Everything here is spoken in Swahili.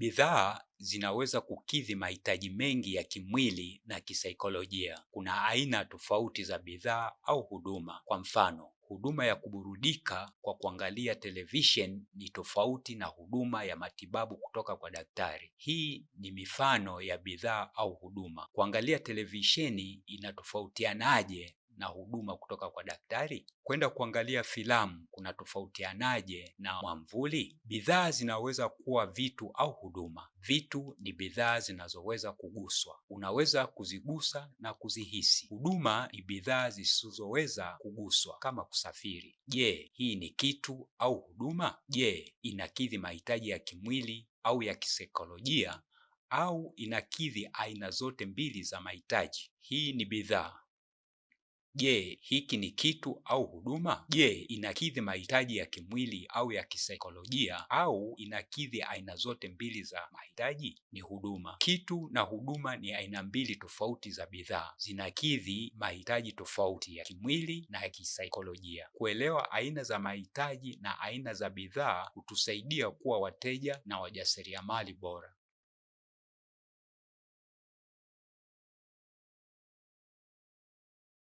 Bidhaa zinaweza kukidhi mahitaji mengi ya kimwili na kisaikolojia. Kuna aina tofauti za bidhaa au huduma. Kwa mfano, huduma ya kuburudika kwa kuangalia televisheni ni tofauti na huduma ya matibabu kutoka kwa daktari. Hii ni mifano ya bidhaa au huduma. Kuangalia televisheni inatofautianaje na huduma kutoka kwa daktari? Kwenda kuangalia filamu kuna tofautianaje na mwamvuli? Bidhaa zinaweza kuwa vitu au huduma. Vitu ni bidhaa zinazoweza kuguswa, unaweza kuzigusa na kuzihisi. Huduma ni bidhaa zisizoweza kuguswa kama kusafiri. Je, hii ni kitu au huduma? Je, inakidhi mahitaji ya kimwili au ya kisaikolojia au inakidhi aina zote mbili za mahitaji? Hii ni bidhaa. Je, hiki ni kitu au huduma? Je, inakidhi mahitaji ya kimwili au ya kisaikolojia au inakidhi aina zote mbili za mahitaji? Ni huduma. Kitu na huduma ni aina mbili tofauti za bidhaa, zinakidhi mahitaji tofauti ya kimwili na ya kisaikolojia. Kuelewa aina za mahitaji na aina za bidhaa hutusaidia kuwa wateja na wajasiriamali bora.